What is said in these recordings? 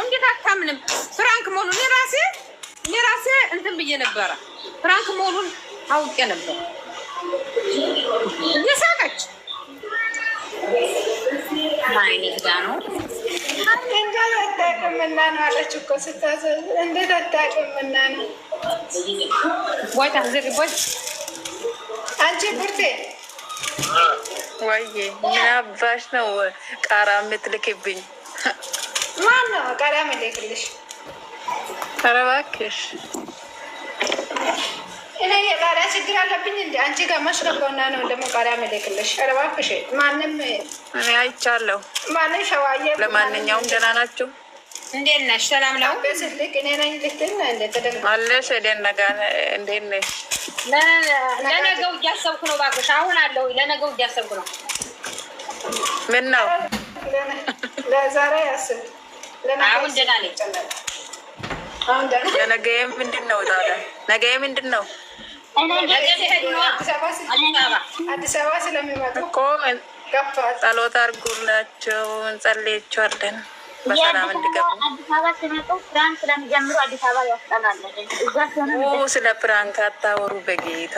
ነው። እንዴት አታምንም? ፍራንክ ሞሉን እኔ ራሴ እንትን ብዬ ነበረ። ፍራንክ መሆኑን አውቄ ነበር። እየሳቀች ማይነት ነው እንዴት አታውቅምና ምን አባሽ ነው ቃራ የምትልክብኝ? ማን ነው ቀዳም ልክልሽ? ኧረ እባክሽ እኔ የቃሪያ ችግር አለብኝ እንደ አንቺ ጋር ነው ደግሞ ቃሪያ መለክልሽ። ኧረ እባክሽ ማንም እኔ አይቻለሁ። ማንም ሸዋዬ። ለማንኛውም ደህና ናችሁ? እንዴት ነሽ? ሰላም ነው ስልክ እኔ ነኝ እንዴት ነሽ? ለነገው እያሰብኩ ነው እባክሽ። አሁን ለነገው እያሰብኩ ነው። ምን ነው ለዛሬ ያስብ አሁን ደህና ነኝ። ነገ ምንድን ነው ታዲያ? ነገ ምንድን ነው? አዲስ አበባ ስለሚመጡ እኮ ጸሎት አድርጉላቸው እንጸልያቸዋለን። በሰላም እንድገቡ ስለ ፕራንክ አታወሩ በጌታ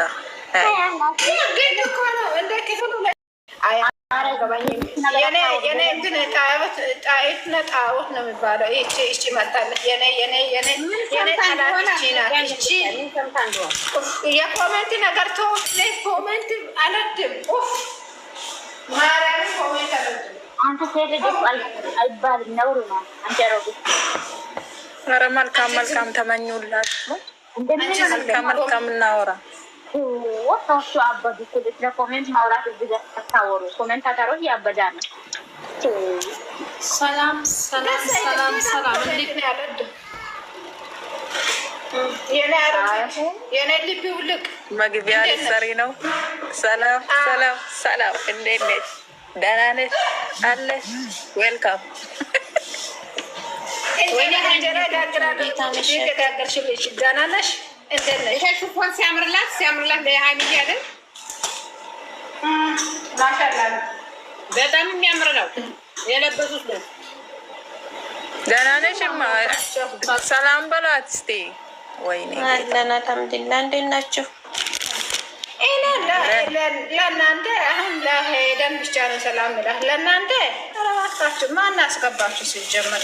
የኔ እንትን ነው የሚባለው። ይቺ መጣለች። የኮሜንት ነገር ኮሜንት አልወድም። ማርያምን ኮሜንት አንተ ሴት ልጅ አይባልም፣ ነውር ነው። አንተ ሮቢት ኧረ መልካም መልካም ተመኙላችሁ። መልካም መልካም እናወራ ወፋችሁ አበዱ። ለኮሜንት ማውራት እዚህ ታወሩ ኮሜንት አታሮች ያበዳ ነው። ሰላም ሰላም ሰላም ሰላም፣ እንዴት ነው ያለድ የኔ ልብ ውልቅ መግቢያ ሰሪ ነው። ሰላም ሰላም ሰላም፣ እንዴት ነች? ደህና ነሽ አለ ዌልካም ደህና ነሽ? ይሄ ሽፎን ሲያምርላት ሲያምርላት ለሀይሚዬ አይደል? ማሻላ በጣም የሚያምር ነው የለበሱት ነው። ደህና ነሽ? ሰላም በላት እስኪ። ወይኔ አልሐምዱሊላህ። እንዴት ናችሁ? ለእናንተ አሁን ለሄደን ብቻ ነው ሰላም ብላት ለእናንተ አረባካችሁ ማን አስገባችሁ? ሲጀመር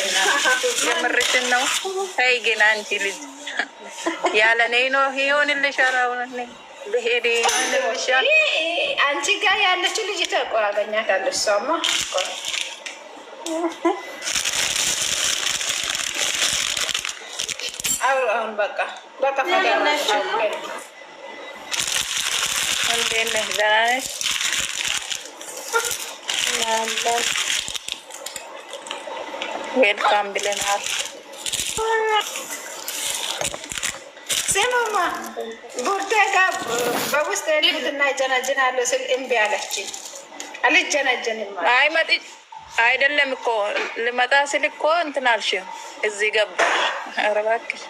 የምርሽን ነው። አይ ግን አንቺ ልጅ ያለ እኔ ነው ይሆንልሻል። አሁን ብሄድ ይሆንልሻል። አንቺ ጋር ያለችው ልጅ ተቆራበኛታለች። እሷማ አሁን በቃ በቃ እንዴት ነሽ? ደህና ነሽ? ዌልካም ብለናል። ስማማ ቡርዳ ጋር በውስጥ ሄድኩትና ይጀናጀናለሁ ስል እምቢ አለችኝ። አልጀናጀንም አይደለም እኮ ልመጣ ስል እኮ እንትን አልሽኝ። እዚህ ገባሽ። ኧረ እባክሽ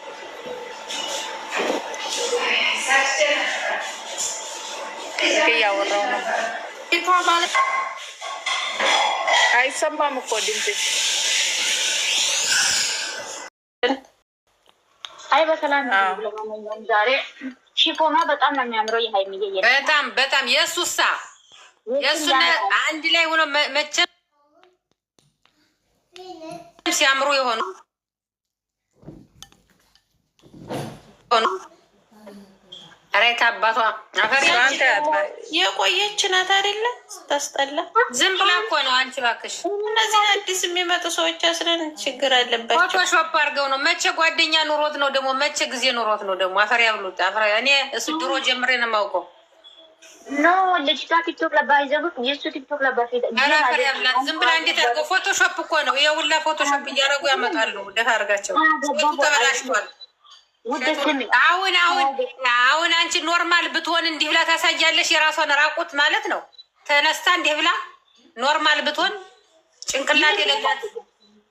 እያወራሁ ነው። አይሰማም እኮ ድምፅሽ አይ በሰላም ለማንኛውም ዛሬ ሺፎማ በጣም ነው የሚያምረው። የሀይሚዬ በጣም በጣም የእሱሳ የእሱ አንድ ላይ ሆኖ መቼም ሲያምሩ የሆኑ ሬት አባቷ የቆየች ናት አይደለ? ስታስጠላ ዝም ብላ እኮ ነው። አንቺ እባክሽ እነዚህ አዲስ የሚመጡ ሰዎች አስረን ችግር አለባቸው። ፎቶሾፕ አድርገው ነው። መቼ ጓደኛ ኑሮት ነው ደግሞ መቼ ጊዜ ኑሮት ነው ደግሞ። አፈር ያብሉት። እኔ እሱ ድሮ ጀምሬ ነው የማውቀው። ኖ ልጅቷ ቲክቶክ ለባይዘቡ ይዘቡት የእሱ ቲክቶክ ለባ ዝም ብላ እንዴት አድርገው ፎቶሾፕ እኮ ነው። የውላ ፎቶሾፕ እያደረጉ ያመጣሉ። ደፋ አድርጋቸው ተበላሽቷል። አሁን አሁን አሁን አንቺ ኖርማል ብትሆን እንዲህ ብላ ታሳያለሽ። የራሷን ራቁት ማለት ነው። ተነስታ እንዲህ ብላ ኖርማል ብትሆን ጭንቅላት የሌላት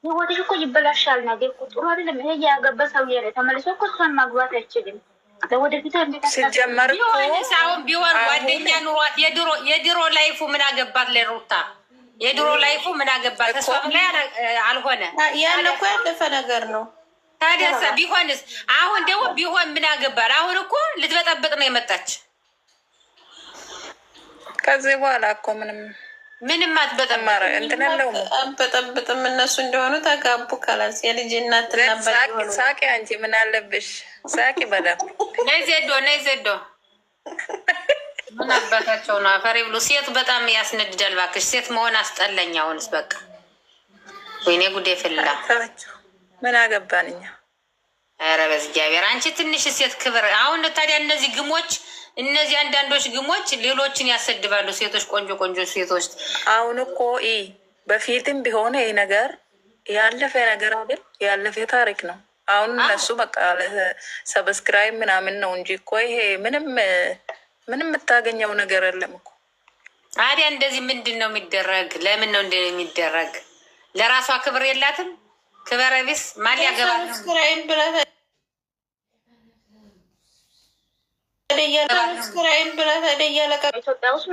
ህይወትሽ እኮ ይበላሻል። ነገ እኮ ጥሩ አይደለም። ይሄ ያገባ ሰው ያለ ተመልሶ እኮ እሷን ማግባት አይችልም። ለወደፊት ሲጀመር አሁን ቢሆን ጓደኛ ኑሯት የድሮ የድሮ ላይፉ ምን አገባት ለሩታ የድሮ ላይፉ ምን አገባት? ተስፋም ላይ አልሆነ። ያን እኮ ያለፈ ነገር ነው። ታዲያስ ቢሆንስ? አሁን ደግሞ ቢሆን ምን አገባል? አሁን እኮ ልትበጠብጥ ነው የመጣች። ከዚህ በኋላ እኮ ምንም ምንም አትበጠማረ እንትን ያለው አትበጠብጥም። እነሱ እንደሆኑ ተጋቡ። ከላስ የልጅ እናትና ሳቂ። አንቺ ምን አለብሽ? ሳቂ በደም ነይ ዘዶ ነይ ዘዶ። ምን አባታቸው ነው አፈሪ ብሎ ሴቱ በጣም ያስነድዳል። እባክሽ ሴት መሆን አስጠለኝ። አሁንስ በቃ ወይኔ ጉዴ ፍላ ምን አገባን እኛ? ኧረ በእግዚአብሔር አንቺ ትንሽ ሴት ክብር። አሁን ታዲያ እነዚህ ግሞች እነዚህ አንዳንዶች ግሞች ሌሎችን ያሰድባሉ። ሴቶች ቆንጆ ቆንጆ ሴቶች አሁን እኮ በፊትም ቢሆን ይህ ነገር ያለፈ ነገር አይደል? ያለፈ ታሪክ ነው። አሁን እነሱ በቃ ሰብስክራይብ ምናምን ነው እንጂ እኮ ይሄ ምንም ምንም የምታገኘው ነገር የለም እኮ። ታዲያ እንደዚህ ምንድን ነው የሚደረግ? ለምን ነው እንደ የሚደረግ? ለራሷ ክብር የላትም ክበረቢስ ማን ያገባል? ውስጥ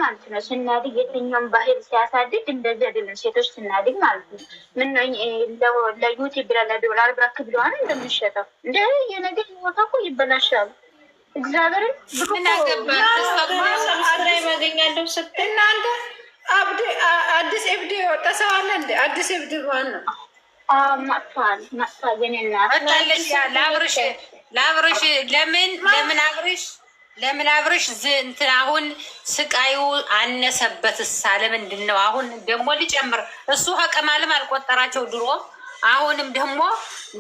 ማለት ነው ስናድግ የትኛውም ባህል ሲያሳድግ እንደዚህ አይደለም። ሴቶች ስናድግ ማለት ነው ምን ለዩቲብ ብላ ለዶላር ብራክ ብለዋን እንደምንሸጠው እንደ የነገር ቦታ እኮ ይበላሻሉ። እግዚአብሔርን ያገኛለሁ ስትል አዲስ ኤፍዲ የወጣ ሰው አለ እንደ አዲስ ኤፍዲ ማን ነው? ለአብርሽ ለምን ለምን አብርሽ ለምን አብርሽ እንትን አሁን ስቃዩ አነሰበትሳ? ለምንድን ነው አሁን ደግሞ ሊጨምር? እሱ ሀቀማልም አልቆጠራቸው ድሮ አሁንም ደግሞ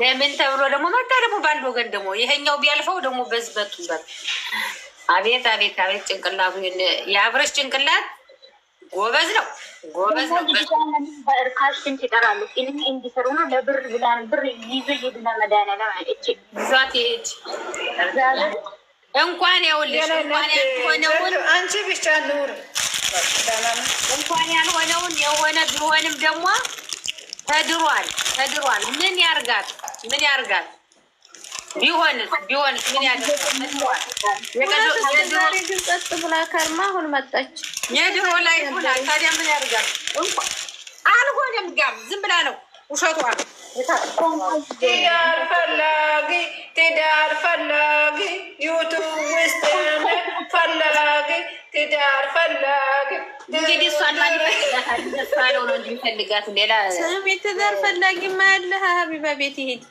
ለምን ተብሎ ደግሞ መጣ። ደግሞ በአንድ ወገን ደግሞ ይሄኛው ቢያልፈው ደግሞ በዝበቱበት። አቤት አቤት አቤት! ጭንቅላቱ የአብርሽ ጭንቅላት ጎበዝ ነው ጎበዝ ነው። በእርካሽ ስንት ይጠራሉ። እንዲሰሩ ነው ለብር ብላ ብር ይዞ ይድና መዳና ለማለች ብዛት ይሄድ እንኳን ያውልሽ እንኳን ያልሆነውን አንቺ ብቻ ኑር እንኳን ያልሆነውን የሆነ ቢሆንም ደግሞ ተድሯል ተድሯል። ምን ያርጋል? ምን ያርጋል? ቢሆንስ መጣች። የድሮ ምን ያደርጋል? አልሆነም። ነው ውሸቷ ነው። ፈላጊ ማለህ ሀቢባ ቤት ይሄድ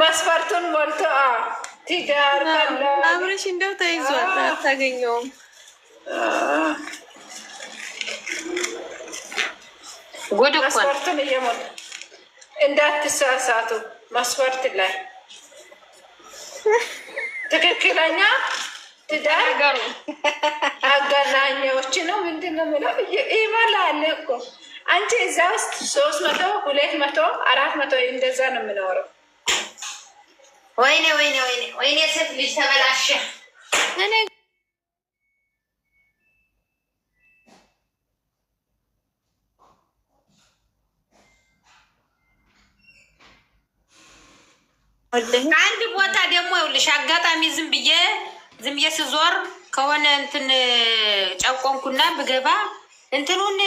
መስፈርቱን ሞልቶ ትዳር አብረሽ እንደው ተይዟል፣ አታገኘውም። ጉድ እኮ መስፈርቱን እየሞላ እንዳትሳሳቱ። መስፈርት ላይ ትክክለኛ ትዳር አገናኛዎች ነው። ምንድን ነው የምለው ይበላል እኮ አንቺ እዛ ውስጥ ሶስት መቶ ሁለት መቶ አራት መቶ እንደዛ ነው የምኖረው። ወይኔ ወይኔ ወይኔ ወይኔ ሴት ልጅ ተበላሸ። አንድ ቦታ ደግሞ ይኸውልሽ አጋጣሚ ዝም ብዬ ዝም ብዬ ስዞር ከሆነ እንትን ጨቆንኩና ብገባ እንትኑን